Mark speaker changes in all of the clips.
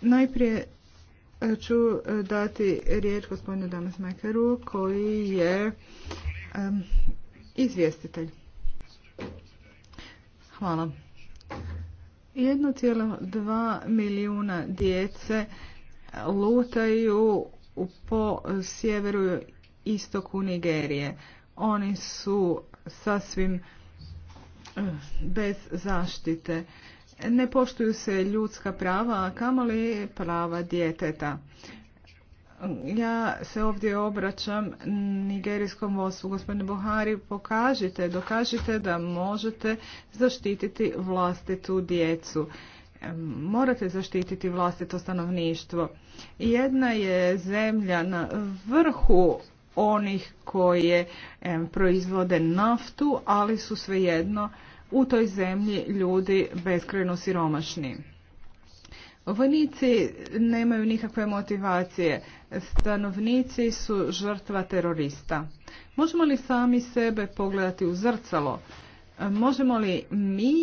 Speaker 1: Najprije e, ću e, dati riječ gospodinu Danas Makeru koji je izvjestitelj. Hvala. 1,2 milijuna djece lutaju po sjeveru istoku Nigerije. Oni su sasvim e, bez zaštite ne poštuju se ljudska prava, a kamoli prava djeteta. Ja se ovdje obraćam nigerijskom vodstvu, gospodine Buhari, pokažite, dokažite da možete zaštititi vlastitu djecu. Morate zaštititi vlastito stanovništvo. Jedna je zemlja na vrhu onih koje proizvode naftu, ali su svejedno u toj zemlji ljudi beskrajno siromašni. Vojnici nemaju nikakve motivacije, stanovnici su žrtva terorista. Možemo li sami sebe pogledati u zrcalo? Možemo li mi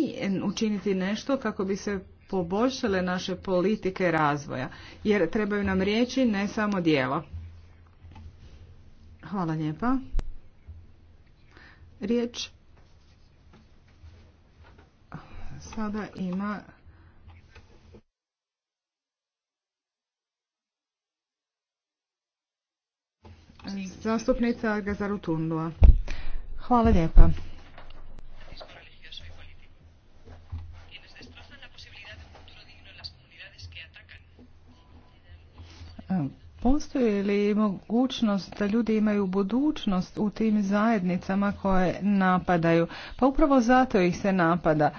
Speaker 1: učiniti nešto kako bi se poboljšale naše politike razvoja? Jer trebaju nam riječi, ne samo djelo. Hvala lijepa. Riječ sada ima Zastupnica Gazaru Tundua. Hvala lijepa. Um Postoji li mogućnost da ljudi imaju budućnost u tim zajednicama koje napadaju? Pa upravo zato ih se napada.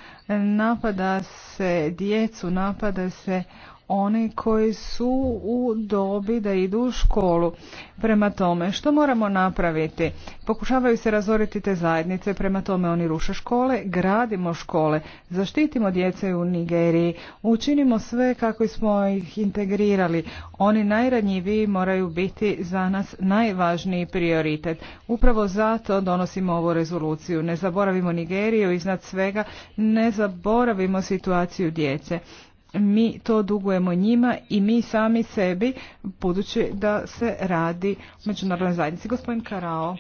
Speaker 1: Napada se djecu, napada se oni koji su u dobi da idu u školu. Prema tome, što moramo napraviti? Pokušavaju se razoriti te zajednice, prema tome oni ruše škole, gradimo škole, zaštitimo djece u Nigeriji, učinimo sve kako smo ih integrirali. Oni najranjiviji moraju biti za nas najvažniji prioritet. Upravo zato donosimo ovu rezoluciju. Ne zaboravimo Nigeriju iznad svega, ne zaboravimo situaciju djece mi to dugujemo njima i mi sami sebi, budući da se radi o međunarodnoj zajednici. Gospodin Karao.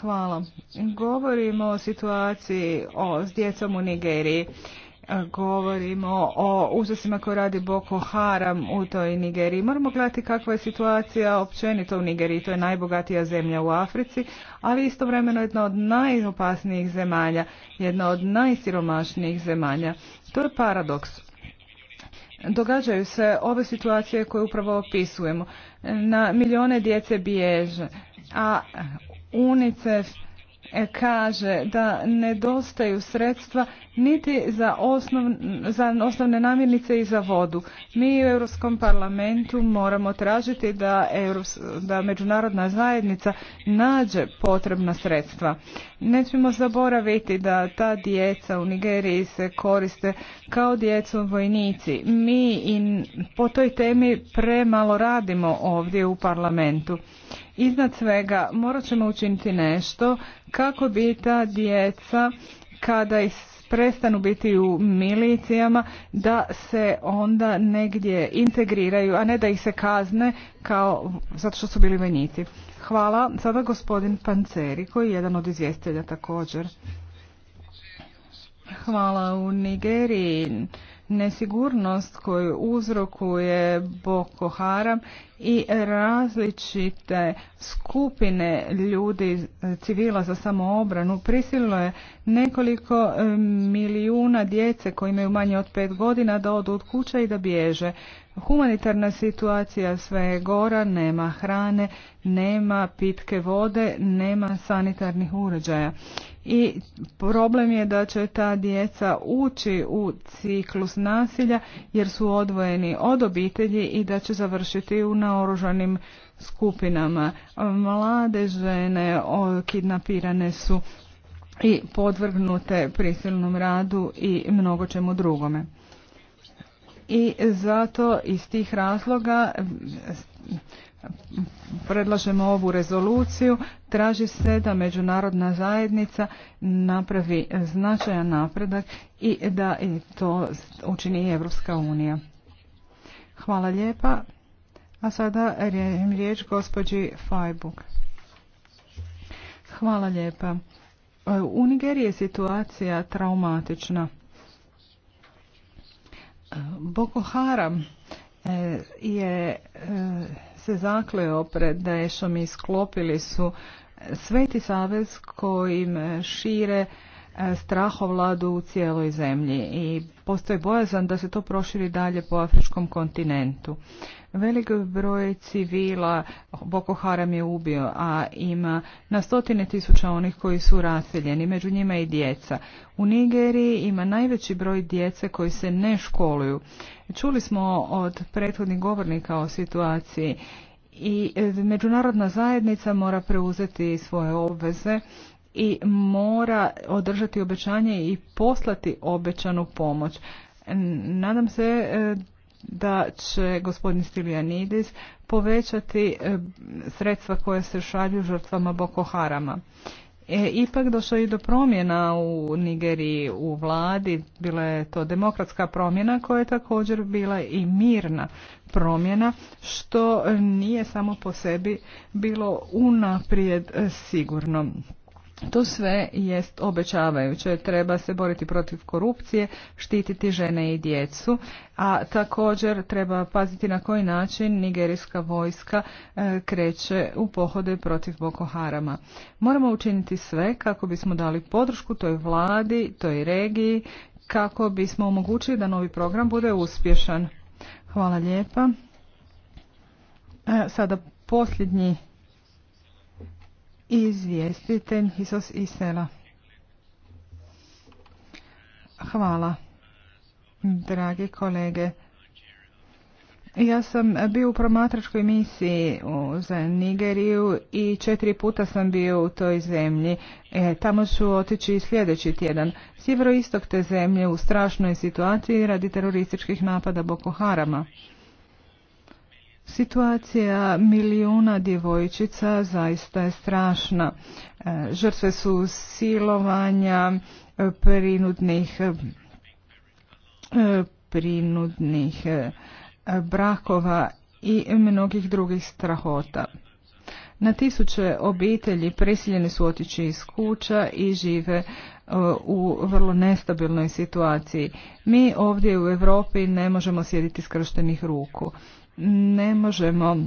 Speaker 1: Hvala. Govorimo o situaciji o, s djecom u Nigeriji. Govorimo o uzasima koje radi Boko Haram u toj Nigeriji. Moramo gledati kakva je situacija općenito u Nigeriji. To je najbogatija zemlja u Africi, ali istovremeno jedna od najopasnijih zemalja, jedna od najsiromašnijih zemalja. To je paradoks događaju se ove situacije koje upravo opisujemo. Na milijone djece biježe, a UNICEF E, kaže da nedostaju sredstva niti za, osnov, za osnovne namirnice i za vodu. Mi u Europskom parlamentu moramo tražiti da, da međunarodna zajednica nađe potrebna sredstva. Ne zaboraviti da ta djeca u Nigeriji se koriste kao djecu vojnici. Mi i po toj temi premalo radimo ovdje u parlamentu Iznad svega morat ćemo učiniti nešto kako bi ta djeca kada ih prestanu biti u milicijama da se onda negdje integriraju, a ne da ih se kazne kao zato što su bili vojnici. Hvala. Sada gospodin Panceri koji je jedan od izvjestitelja također. Hvala u Nigeriji. Nesigurnost koju uzrokuje Boko Haram i različite skupine ljudi, e, civila za samoobranu Prisilno je nekoliko e, milijuna djece koji imaju manje od pet godina da odu od kuća i da bježe. Humanitarna situacija sve je gora, nema hrane, nema pitke vode, nema sanitarnih uređaja. I problem je da će ta djeca ući u ciklus nasilja jer su odvojeni od obitelji i da će završiti u oružanim skupinama. Mlade žene kidnapirane su i podvrgnute prisilnom radu i mnogo čemu drugome. I zato iz tih razloga predlažemo ovu rezoluciju. Traži se da međunarodna zajednica napravi značajan napredak i da to učini Evropska unija. Hvala lijepa. A sada riječ gospođi Fajbuk. Hvala lijepa. E, u Nigeriji je situacija traumatična. E, Boko Haram e, je se zakleo pred Dešom i sklopili su Sveti savez kojim šire strahovladu u cijeloj zemlji i postoji bojazan da se to proširi dalje po afričkom kontinentu. Velik broj civila Boko Haram je ubio, a ima na stotine tisuća onih koji su raseljeni, među njima i djeca. U Nigeriji ima najveći broj djece koji se ne školuju. Čuli smo od prethodnih govornika o situaciji i međunarodna zajednica mora preuzeti svoje obveze i mora održati obećanje i poslati obećanu pomoć. Nadam se e, da će gospodin Stilianidis povećati e, sredstva koja se šalju žrtvama Boko Harama. E, ipak došlo i do promjena u Nigeriji u vladi, bila je to demokratska promjena koja je također bila i mirna promjena, što nije samo po sebi bilo unaprijed sigurno. To sve jest obećavajuće. Treba se boriti protiv korupcije, štititi žene i djecu, a također treba paziti na koji način nigerijska vojska e, kreće u pohode protiv Boko Harama. Moramo učiniti sve kako bismo dali podršku toj vladi, toj regiji, kako bismo omogućili da novi program bude uspješan. Hvala lijepa. E, sada posljednji Izvijestite Hisos Isela. Hvala, dragi kolege. Ja sam bio u promatračkoj misiji za Nigeriju i četiri puta sam bio u toj zemlji. E, tamo ću otići sljedeći tjedan. Sjeveroistok te zemlje u strašnoj situaciji radi terorističkih napada Boko Harama. Situacija milijuna djevojčica zaista je strašna. E, žrtve su silovanja, e, prinudnih e, prinudnih brakova i mnogih drugih strahota. Na tisuće obitelji prisiljeni su otići iz kuća i žive u vrlo nestabilnoj situaciji. Mi ovdje u Europi ne možemo sjediti skrštenih ruku ne možemo e,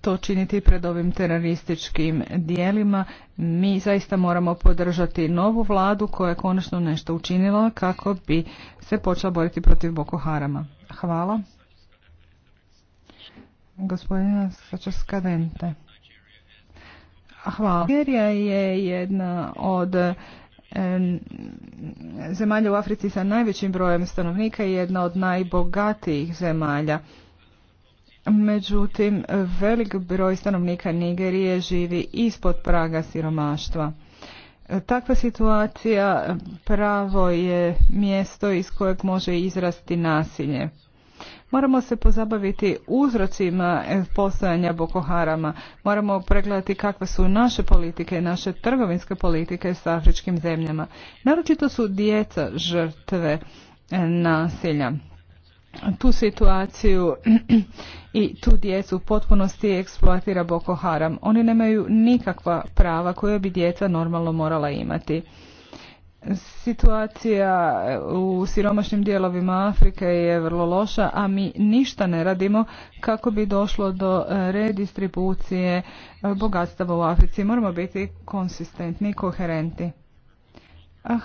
Speaker 1: to činiti pred ovim terorističkim dijelima. Mi zaista moramo podržati novu vladu koja je konačno nešto učinila kako bi se počela boriti protiv Boko Harama. Hvala. Gospodina Sačaskadente. Hvala. Nigerija je jedna od zemalja u Africi sa najvećim brojem stanovnika i jedna od najbogatijih zemalja. Međutim, velik broj stanovnika Nigerije živi ispod praga siromaštva. Takva situacija pravo je mjesto iz kojeg može izrasti nasilje. Moramo se pozabaviti uzrocima postojanja Boko Harama. Moramo pregledati kakve su naše politike naše trgovinske politike s afričkim zemljama. Naročito su djeca žrtve nasilja. Tu situaciju i tu djecu u potpunosti eksploatira Boko Haram. Oni nemaju nikakva prava koja bi djeca normalno morala imati. Situacija u siromašnim dijelovima Afrike je vrlo loša, a mi ništa ne radimo kako bi došlo do redistribucije e, bogatstava u Africi. Moramo biti konsistentni i koherenti.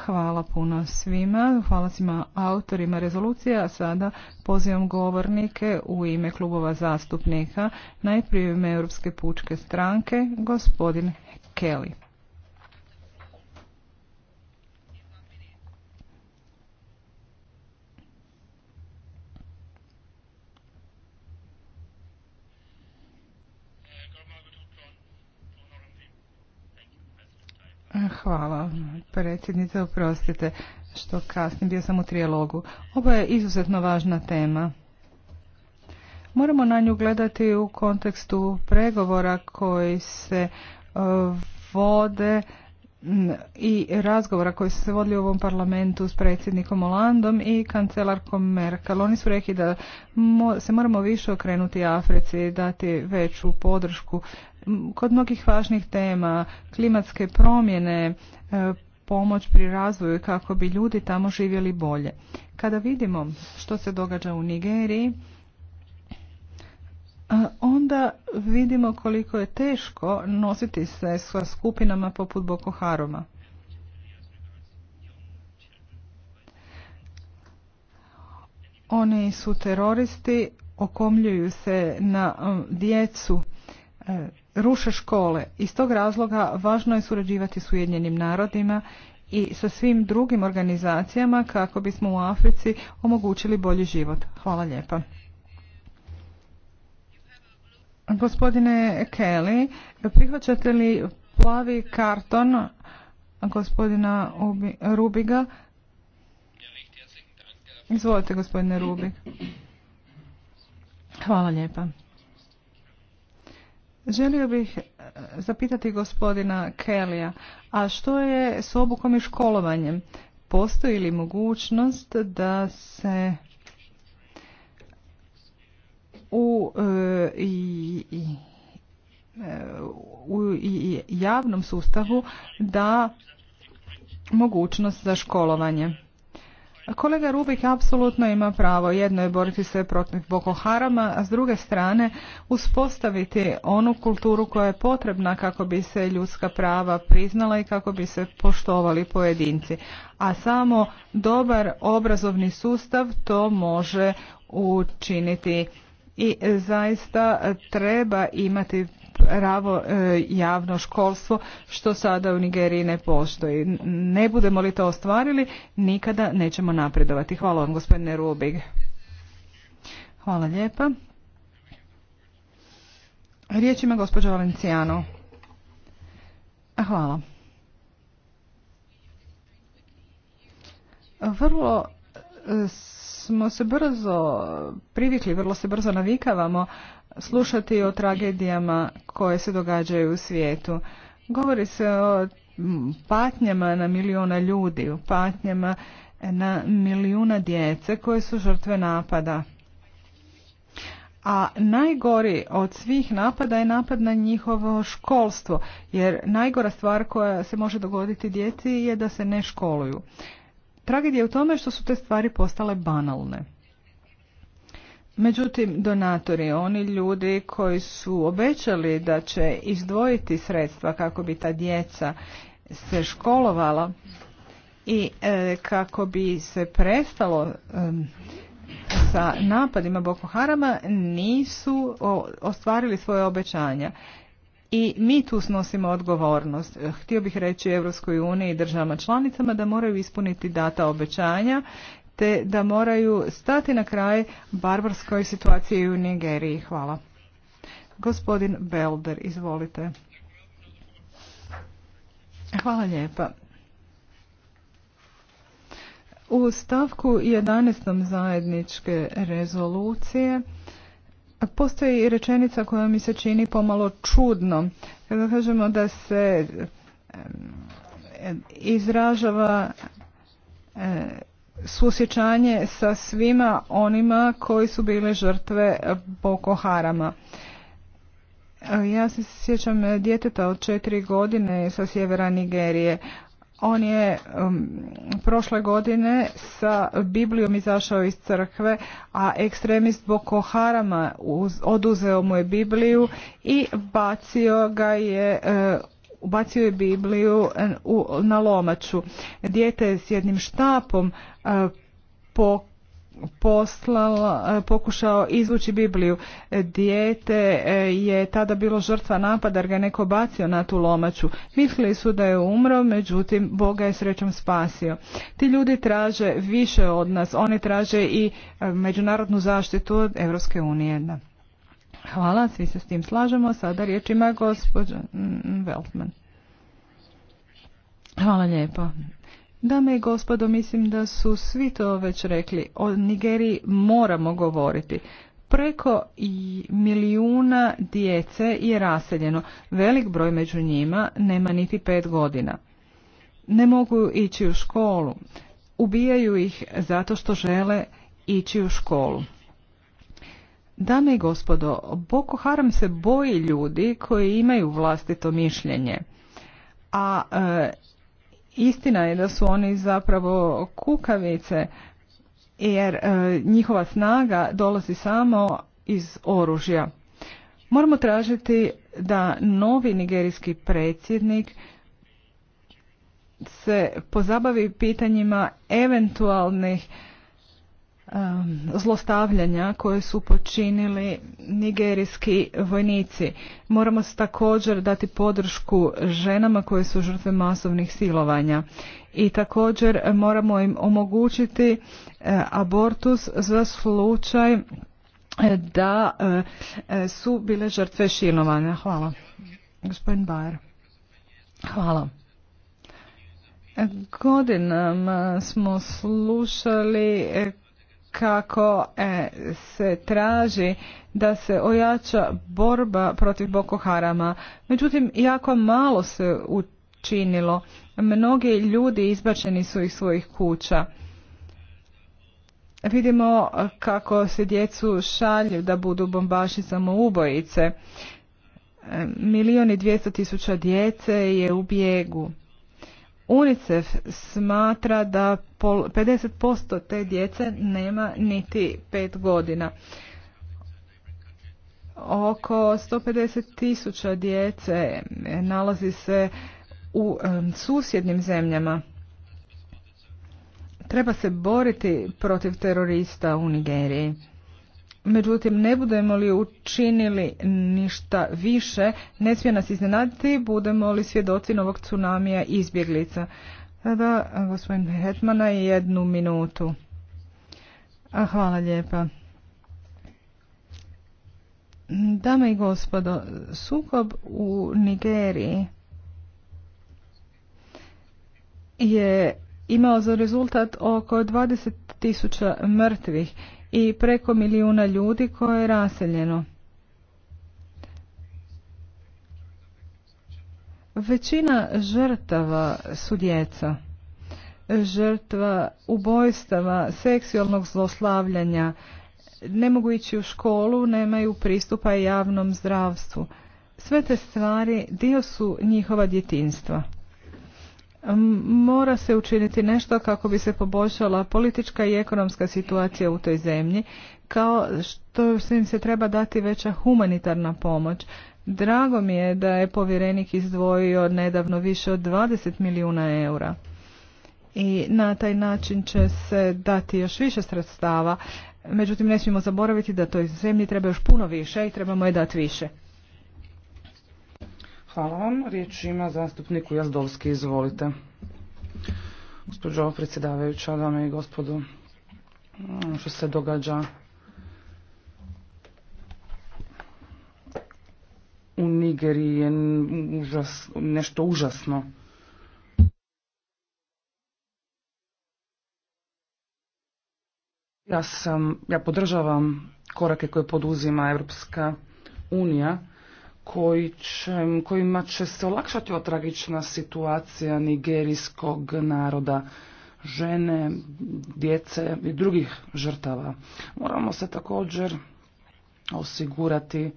Speaker 1: Hvala puno svima, hvala svima autorima rezolucije, a sada pozivam govornike u ime klubova zastupnika, najprije u ime Europske pučke stranke, gospodin Kelly. Hvala, predsjednice, oprostite što kasnim, bio sam u trijalogu. Ovo je izuzetno važna tema. Moramo na nju gledati u kontekstu pregovora koji se eh, vode i razgovora koji su se vodili u ovom parlamentu s predsjednikom Holandom i kancelarkom Merkel. Oni su rekli da se moramo više okrenuti Africi i dati veću podršku kod mnogih važnih tema, klimatske promjene, e, pomoć pri razvoju kako bi ljudi tamo živjeli bolje. Kada vidimo što se događa u Nigeriji, onda vidimo koliko je teško nositi se sa skupinama poput Boko Haroma. Oni su teroristi, okomljuju se na um, djecu, e, ruše škole. Iz tog razloga važno je surađivati s Ujedinjenim narodima i sa svim drugim organizacijama kako bismo u Africi omogućili bolji život. Hvala lijepa. Gospodine Kelly, prihvaćate li plavi karton gospodina Rubiga? Izvolite, gospodine Rubig. Hvala lijepa. Želio bih e, zapitati gospodina Kelija, a što je s obukom i školovanjem? Postoji li mogućnost da se E, e, u, i, u javnom sustavu da mogućnost za školovanje. Kolega Rubik apsolutno ima pravo. Jedno je boriti se protiv Boko Harama, a s druge strane uspostaviti onu kulturu koja je potrebna kako bi se ljudska prava priznala i kako bi se poštovali pojedinci. A samo dobar obrazovni sustav to može učiniti i zaista treba imati pravo e, javno školstvo što sada u Nigeriji ne postoji. Ne budemo li to ostvarili, nikada nećemo napredovati. Hvala vam gospodine Rubig. Hvala lijepa. Riječ ima gospođa Valencijano. Hvala. Vrlo smo se brzo privikli, vrlo se brzo navikavamo slušati o tragedijama koje se događaju u svijetu. Govori se o patnjama na milijuna ljudi, o patnjama na milijuna djece koje su žrtve napada. A najgori od svih napada je napad na njihovo školstvo, jer najgora stvar koja se može dogoditi djeci je da se ne školuju. Tragedija je u tome što su te stvari postale banalne. Međutim, donatori, oni ljudi koji su obećali da će izdvojiti sredstva kako bi ta djeca se školovala i e, kako bi se prestalo sa napadima Boko Harama nisu ostvarili svoje obećanja i mi tu snosimo odgovornost. Htio bih reći Europskoj uniji i državama članicama da moraju ispuniti data obećanja te da moraju stati na kraj barbarskoj situaciji u Nigeriji. Hvala. Gospodin Belder, izvolite. Hvala lijepa. U stavku 11. zajedničke rezolucije Postoji rečenica koja mi se čini pomalo čudno. Kada kažemo da se izražava susjećanje sa svima onima koji su bile žrtve Boko Harama. Ja se sjećam e, djeteta od četiri godine sa sjevera Nigerije. On je um, prošle godine sa Biblijom izašao iz crkve, a ekstremist Boko Harama oduzeo mu je Bibliju i bacio ga je uh, ubacio je Bibliju uh, na lomaču. Dijete je s jednim štapom uh, po poslala, e, pokušao izvući Bibliju. Dijete e, je tada bilo žrtva napada jer ga je neko bacio na tu lomaču. Mislili su da je umro, međutim Boga je srećom spasio. Ti ljudi traže više od nas, oni traže i e, međunarodnu zaštitu od Europske unije. Hvala, svi se s tim slažemo. Sada riječ ima gospođa mm, Veltman. Hvala lijepo. Dame i gospodo, mislim da su svi to već rekli. O Nigeriji moramo govoriti. Preko milijuna djece je raseljeno. Velik broj među njima nema niti pet godina. Ne mogu ići u školu. Ubijaju ih zato što žele ići u školu. Dame i gospodo, Boko Haram se boji ljudi koji imaju vlastito mišljenje. A e, Istina je da su oni zapravo kukavice jer e, njihova snaga dolazi samo iz oružja. Moramo tražiti da novi nigerijski predsjednik se pozabavi pitanjima eventualnih Um, zlostavljanja koje su počinili nigerijski vojnici. Moramo također dati podršku ženama koje su žrtve masovnih silovanja i također moramo im omogućiti uh, abortus za slučaj uh, da uh, su bile žrtve silovanja. Hvala. Gospodin Bajer. Hvala. Godinama smo slušali kako e, se traži da se ojača borba protiv Boko Harama. Međutim, jako malo se učinilo. Mnogi ljudi izbačeni su iz svojih kuća. Vidimo kako se djecu šalju da budu bombaši samoubojice. E, Milijun i dvjesto tisuća djece je u bijegu. UNICEF smatra da 50% te djece nema niti 5 godina. Oko 150 tisuća djece nalazi se u susjednim zemljama. Treba se boriti protiv terorista u Nigeriji. Međutim, ne budemo li učinili ništa više, ne smije nas iznenaditi, budemo li svjedoci novog tsunamija izbjeglica. Sada, gospodin Hetmana, jednu minutu. hvala lijepa. Dame i gospodo, sukob u Nigeriji je imao za rezultat oko 20.000 tisuća mrtvih i preko milijuna ljudi koje je raseljeno. Većina žrtava su djeca. Žrtva ubojstava, seksualnog zloslavljanja, ne mogu ići u školu, nemaju pristupa javnom zdravstvu. Sve te stvari dio su njihova djetinstva mora se učiniti nešto kako bi se poboljšala politička i ekonomska situacija u toj zemlji, kao što im se treba dati veća humanitarna pomoć. Drago mi je da je povjerenik izdvojio nedavno više od 20 milijuna eura i na taj način će se dati još više sredstava. Međutim, ne smijemo zaboraviti da toj zemlji treba još puno više i trebamo je dati
Speaker 2: više. Hvala vam. Riječ ima zastupniku Jazdovski. Izvolite. Gospođo predsjedavajuća, dame i gospodo, ono što se događa u Nigeriji je nešto užasno. Ja sam, ja podržavam korake koje poduzima Europska unija koji će, kojima će se olakšati o tragična situacija nigerijskog naroda, žene, djece i drugih žrtava. Moramo se također osigurati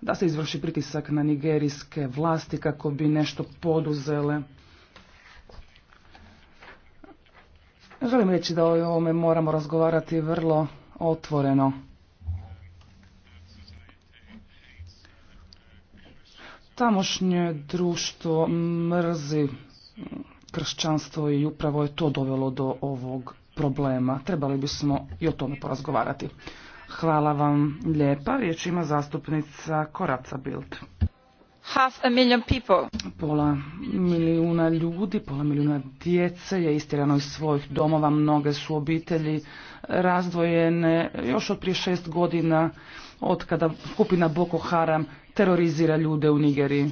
Speaker 2: da se izvrši pritisak na nigerijske vlasti kako bi nešto poduzele. Želim reći da o ovome moramo razgovarati vrlo otvoreno. Tamošnje društvo mrzi kršćanstvo i upravo je to dovelo do ovog problema. Trebali bismo i o tome porazgovarati. Hvala vam lijepa. Riječ ima zastupnica Koraca Bild.
Speaker 3: Half a million people.
Speaker 2: Pola milijuna ljudi, pola milijuna djece je istirano iz svojih domova. Mnoge su obitelji razdvojene još od prije šest godina od kada skupina Boko Haram terorizira ljude u Nigeriji.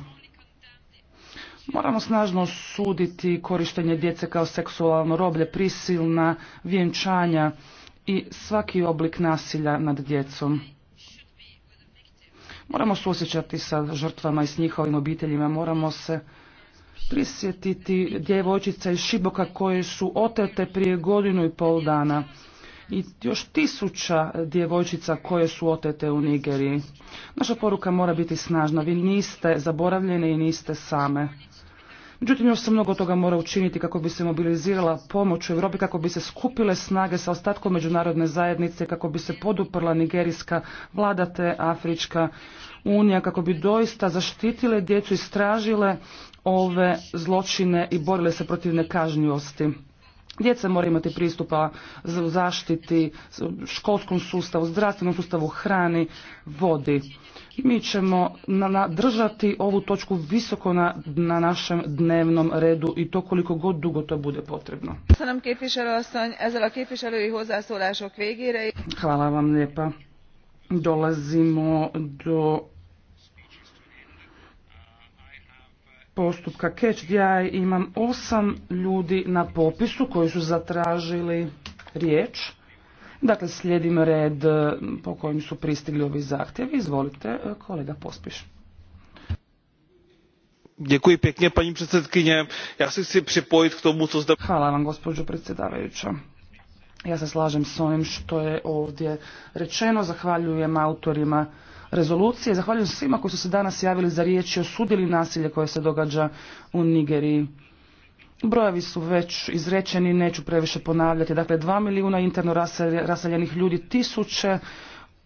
Speaker 2: Moramo snažno suditi korištenje djece kao seksualno roblje, prisilna vjenčanja i svaki oblik nasilja nad djecom. Moramo suosjećati sa žrtvama i s njihovim obiteljima, moramo se prisjetiti djevojčica iz Šiboka koje su otete prije godinu i pol dana i još tisuća djevojčica koje su otete u Nigeriji. Naša poruka mora biti snažna. Vi niste zaboravljene i niste same. Međutim, još se mnogo toga mora učiniti kako bi se mobilizirala pomoć u Europi, kako bi se skupile snage sa ostatkom međunarodne zajednice, kako bi se poduprla nigerijska vlada te Afrička unija, kako bi doista zaštitile djecu, stražile ove zločine i borile se protiv nekažnjivosti. Djeca moraju imati pristupa za zaštiti, školskom sustavu, zdravstvenom sustavu, hrani, vodi. Mi ćemo držati ovu točku visoko na, na našem dnevnom redu i to koliko god dugo to bude potrebno. Hvala vam lijepa. Dolazimo do postupka Catch ja imam osam ljudi na popisu koji su zatražili riječ. Dakle, slijedim red e, po kojem su pristigli ovi zahtjevi. Izvolite, e, kolega Pospiš. Děkuji pěkně, paní se chci k tomu, co Hvala vam, gospođo predsjedavajuća. Ja se slažem s onim što je ovdje rečeno. Zahvaljujem autorima rezolucije. Zahvaljujem svima koji su se danas javili za riječ i osudili nasilje koje se događa u Nigeriji. Brojevi su već izrečeni, neću previše ponavljati. Dakle, dva milijuna interno raseljenih ljudi, tisuće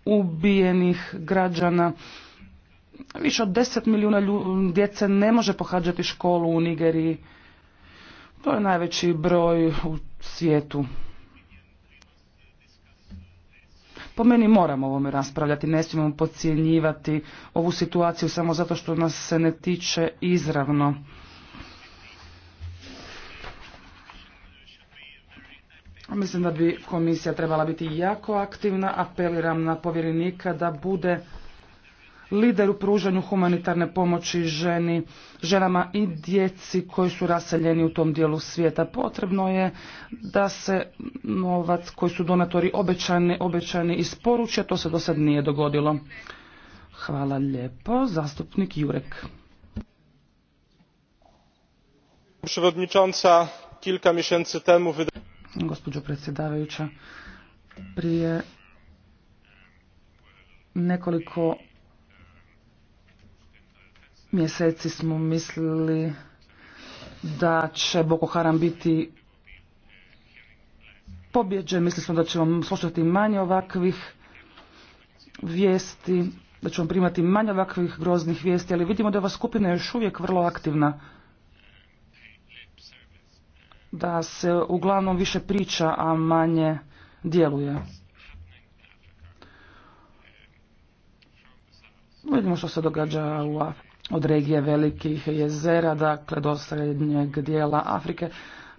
Speaker 2: ubijenih građana, više od deset milijuna djece ne može pohađati školu u Nigeriji. To je najveći broj u svijetu. Po meni moramo o ovome raspravljati, ne smijemo podcjenjivati ovu situaciju samo zato što nas se ne tiče izravno. Mislim da bi komisija trebala biti jako aktivna, apeliram na povjerenika da bude lider u pružanju humanitarne pomoći ženi, ženama i djeci koji su raseljeni u tom dijelu svijeta. Potrebno je da se novac koji su donatori obećani, obećani a to se do sad nije dogodilo. Hvala lijepo. Zastupnik Jurek.
Speaker 4: Przewodnicząca, kilka miesięcy temu
Speaker 2: Gospođo predsjedavajuća, prije nekoliko mjeseci smo mislili da će Boko Haram biti pobjeđen. Mislili smo da ćemo slušati manje ovakvih vijesti, da ćemo primati manje ovakvih groznih vijesti, ali vidimo da je ova skupina još uvijek vrlo aktivna. Da se uglavnom više priča, a manje djeluje. Vidimo što se događa u od regije velikih jezera, dakle do srednjeg dijela Afrike.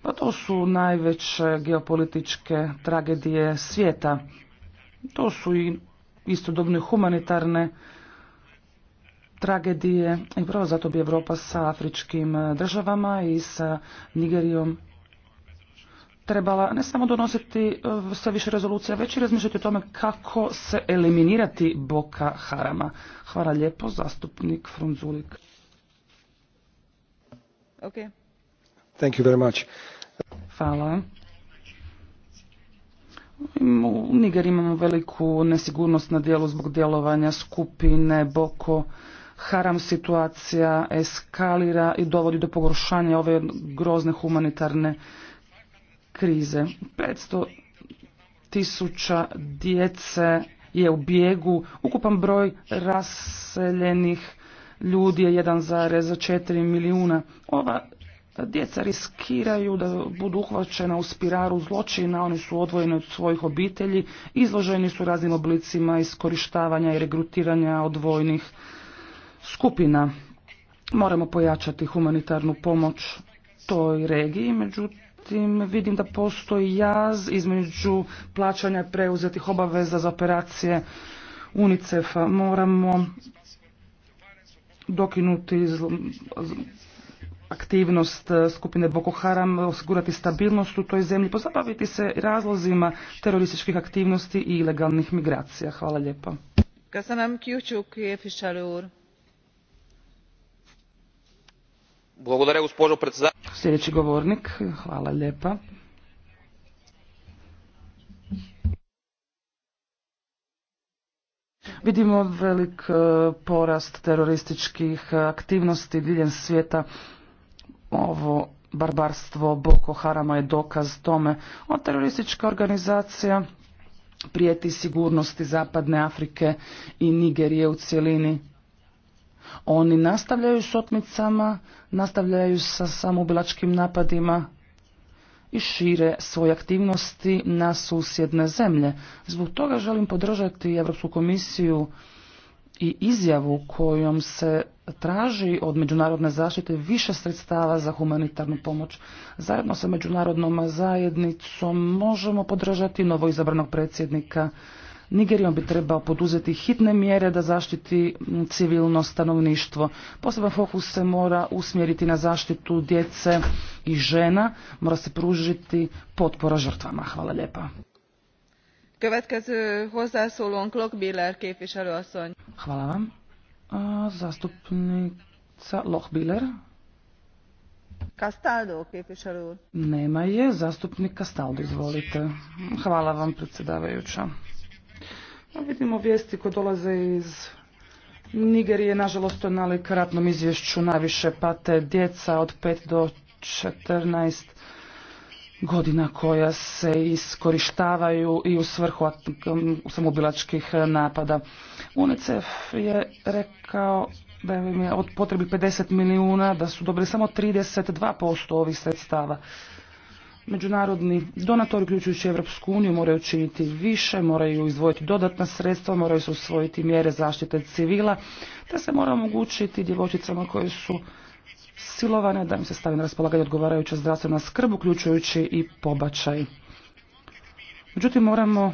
Speaker 2: Pa to su najveće geopolitičke tragedije svijeta. To su i istodobne humanitarne tragedije i upravo zato bi Europa sa afričkim državama i sa Nigerijom trebala ne samo donositi eh, sve više rezolucija, već i razmišljati o tome kako se eliminirati boka harama. Hvala lijepo, zastupnik Frunzulik.
Speaker 4: Thank you very much.
Speaker 2: Hvala. U Niger imamo veliku nesigurnost na dijelu zbog djelovanja skupine Boko Haram situacija eskalira i dovodi do pogoršanja ove grozne humanitarne krize. 500 tisuća djece je u bijegu, ukupan broj raseljenih ljudi je 1,4 milijuna. Ova djeca riskiraju da budu uhvaćena u spiraru zločina, oni su odvojeni od svojih obitelji, izloženi su raznim oblicima iskorištavanja i regrutiranja od vojnih skupina. Moramo pojačati humanitarnu pomoć toj regiji, međutim Zatim vidim da postoji jaz između plaćanja preuzetih obaveza za operacije unicef Moramo dokinuti aktivnost e, skupine Boko Haram, osigurati stabilnost u toj zemlji, pozabaviti se razlozima terorističkih aktivnosti i ilegalnih migracija. Hvala lijepa.
Speaker 4: gospođo
Speaker 2: sljedeći govornik hvala lijepa vidimo velik porast terorističkih aktivnosti diljem svijeta ovo barbarstvo Boko Harama je dokaz tome o teroristička organizacija prijeti sigurnosti zapadne Afrike i Nigerije u cjelini oni nastavljaju s otmicama, nastavljaju sa samoubilačkim napadima i šire svoje aktivnosti na susjedne zemlje. Zbog toga želim podržati Europsku komisiju i izjavu kojom se traži od međunarodne zaštite više sredstava za humanitarnu pomoć. Zajedno sa međunarodnom zajednicom možemo podržati novoizabranog predsjednika Nigerijom bi trebao poduzeti hitne mjere da zaštiti civilno stanovništvo. Poseban fokus se mora usmjeriti na zaštitu djece i žena, mora se pružiti potpora žrtvama. Hvala lijepa. Hvala vam. A, zastupnica Lohbiler.
Speaker 3: Kastaldo,
Speaker 2: Nema je. Zastupnik Kastaldo, izvolite. Hvala vam, predsjedavajuća. Vidimo vijesti koje dolaze iz Nigerije, nažalost, na likratnom izvješću najviše pate djeca od 5 do 14 godina koja se iskorištavaju i u svrhu samobilačkih napada. UNICEF je rekao da im je od potrebi 50 milijuna, da su dobili samo 32% ovih sredstava. Međunarodni donatori, uključujući Evropsku uniju, moraju činiti više, moraju izdvojiti dodatna sredstva, moraju se usvojiti mjere zaštite civila, te se mora omogućiti djevojčicama koje su silovane da im se stavi na raspolaganje odgovarajuća zdravstvena skrb, uključujući i pobačaj. Međutim, moramo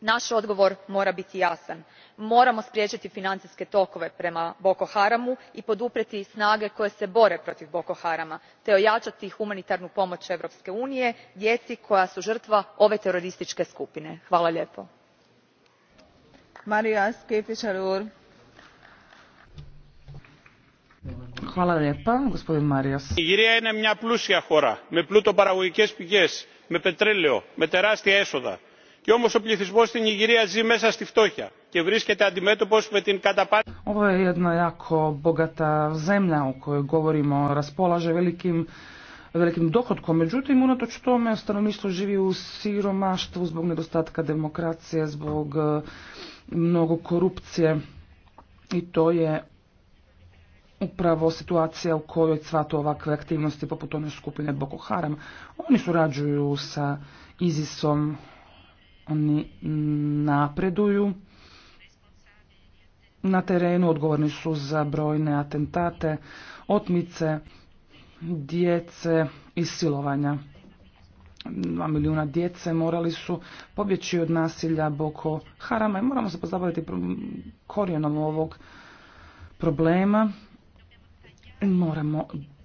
Speaker 3: naš odgovor mora biti jasan moramo spriječiti financijske tokove prema boko haramu i poduprijeti snage koje se bore protiv boko harama te ojačati humanitarnu pomoć europske unije djeci koja su žrtva ove terorističke skupine. hvala lijepo.
Speaker 2: Hvala ovo je jedna jako bogata zemlja u kojoj govorimo raspolaže velikim velikim dohodkom. Međutim, unatoč tome stanovništvo živi u siromaštvu zbog nedostatka demokracije, zbog e, mnogo korupcije i to je upravo situacija u kojoj cvatu ovakve aktivnosti poput one skupine Boko Haram. Oni surađuju sa Izisom, oni napreduju na terenu, odgovorni su za brojne atentate, otmice, djece i silovanja. Dva milijuna djece morali su pobjeći od nasilja Boko Harama i moramo se pozabaviti korijenom ovog problema. Moramo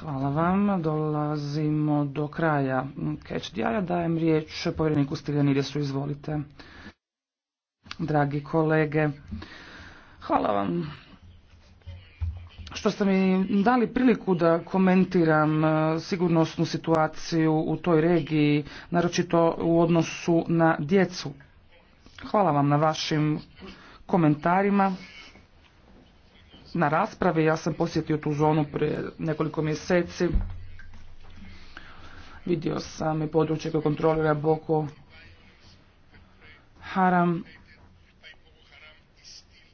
Speaker 2: Hvala vam. Dolazimo do kraja catch Dajem riječ povjereniku Stiljanidesu. Izvolite. Dragi kolege, hvala vam što ste mi dali priliku da komentiram e, sigurnosnu situaciju u toj regiji, naročito u odnosu na djecu. Hvala vam na vašim komentarima na raspravi. Ja sam posjetio tu zonu prije nekoliko mjeseci. Vidio sam i područje koje kontrolira Boko Haram.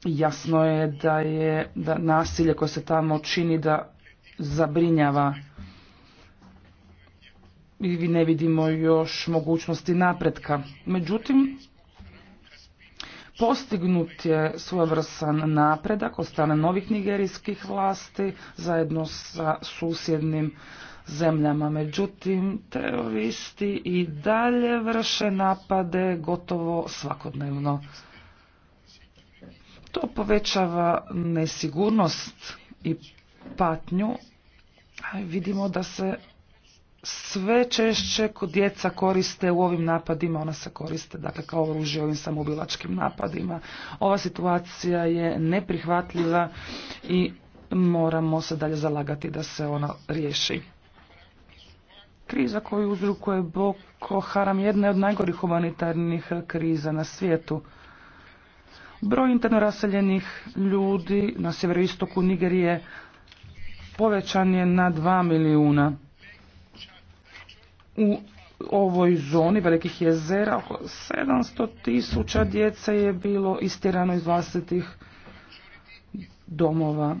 Speaker 2: Jasno je da je da nasilje koje se tamo čini da zabrinjava i ne vidimo još mogućnosti napretka. Međutim, Postignut je svojevrsan napredak od strane novih nigerijskih vlasti zajedno sa susjednim zemljama. Međutim, teroristi i dalje vrše napade gotovo svakodnevno. To povećava nesigurnost i patnju. Vidimo da se sve češće kod djeca koriste u ovim napadima, ona se koriste dakle kao oružje ovim samobilačkim napadima. Ova situacija je neprihvatljiva i moramo se dalje zalagati da se ona riješi. Kriza koju uzrukuje Boko Haram jedna od najgorih humanitarnih kriza na svijetu. Broj interno raseljenih ljudi na sjeveroistoku Nigerije povećan je na 2 milijuna u ovoj zoni velikih jezera oko 700 tisuća djece je bilo istirano iz vlastitih domova.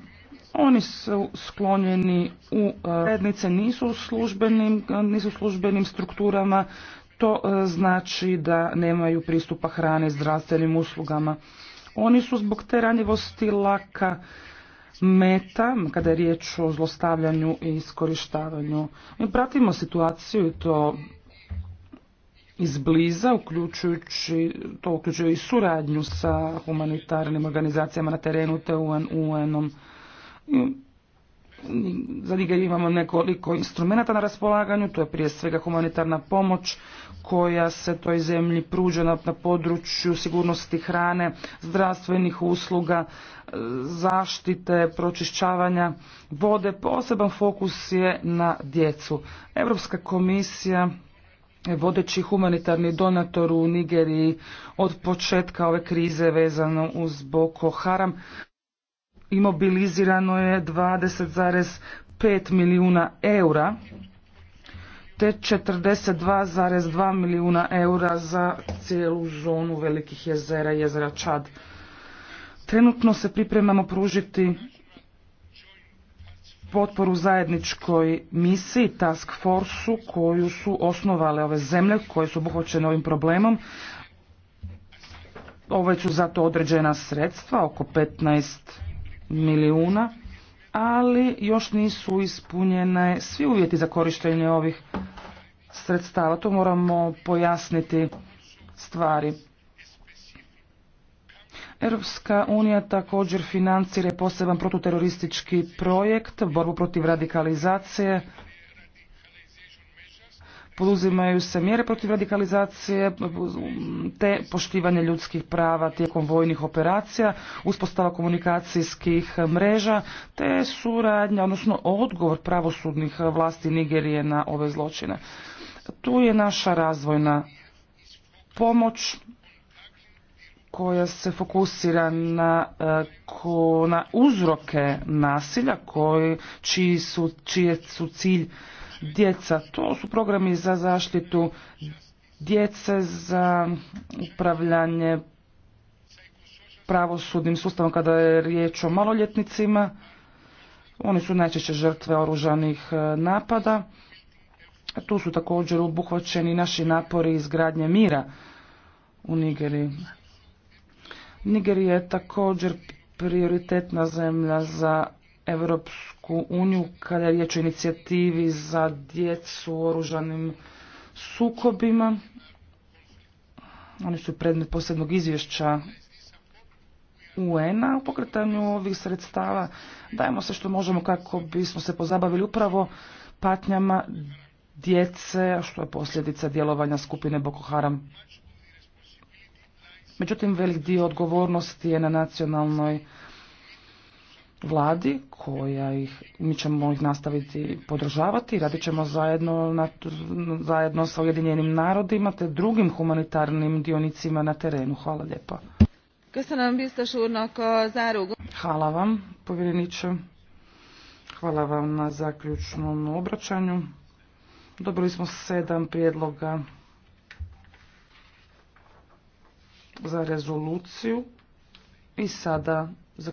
Speaker 2: Oni su sklonjeni u e, rednice, nisu u službenim, nisu službenim strukturama, to e, znači da nemaju pristupa hrane zdravstvenim uslugama. Oni su zbog te ranjivosti laka meta kada je riječ o zlostavljanju i iskorištavanju. Mi pratimo situaciju i to izbliza, uključujući, to uključuje i suradnju sa humanitarnim organizacijama na terenu te UN-om. un om za Nigeriju imamo nekoliko instrumenta na raspolaganju, to je prije svega humanitarna pomoć koja se toj zemlji pruža na, na području sigurnosti hrane, zdravstvenih usluga, e, zaštite, pročišćavanja vode. Poseban fokus je na djecu. Europska komisija vodeći humanitarni donator u Nigeriji od početka ove krize vezano uz Boko Haram imobilizirano je 20,5 milijuna eura te 42,2 milijuna eura za cijelu zonu velikih jezera, jezera Čad. Trenutno se pripremamo pružiti potporu zajedničkoj misiji Task Force-u koju su osnovale ove zemlje koje su obuhvaćene ovim problemom. Ove su zato određena sredstva, oko 15 milijuna, ali još nisu ispunjene svi uvjeti za korištenje ovih sredstava. To moramo pojasniti stvari. Europska unija također financira poseban protuteroristički projekt, borbu protiv radikalizacije poduzimaju se mjere protiv radikalizacije te poštivanje ljudskih prava tijekom vojnih operacija, uspostava komunikacijskih mreža te suradnja, odnosno odgovor pravosudnih vlasti Nigerije na ove zločine. Tu je naša razvojna pomoć koja se fokusira na, e, na uzroke nasilja koji, čiji su, čije su cilj djeca. To su programi za zaštitu djece, za upravljanje pravosudnim sustavom kada je riječ o maloljetnicima. Oni su najčešće žrtve oružanih e, napada. Tu su također obuhvaćeni naši napori izgradnje mira u Nigeriji. Nigerija je također prioritetna zemlja za Europsku uniju kada je riječ o inicijativi za djecu u oružanim sukobima. Oni su predmet posebnog izvješća UN-a u pokretanju ovih sredstava. Dajemo se što možemo kako bismo se pozabavili upravo patnjama djece, što je posljedica djelovanja skupine Boko Haram. Međutim, velik dio odgovornosti je na nacionalnoj vladi koja ih, mi ćemo ih nastaviti podržavati, radit ćemo zajedno, na, zajedno sa Ujedinjenim narodima te drugim humanitarnim dionicima na terenu. Hvala lijepa. Hvala vam, povjereniče. Hvala vam na zaključnom obraćanju. Dobili smo sedam prijedloga za rezoluciju i sada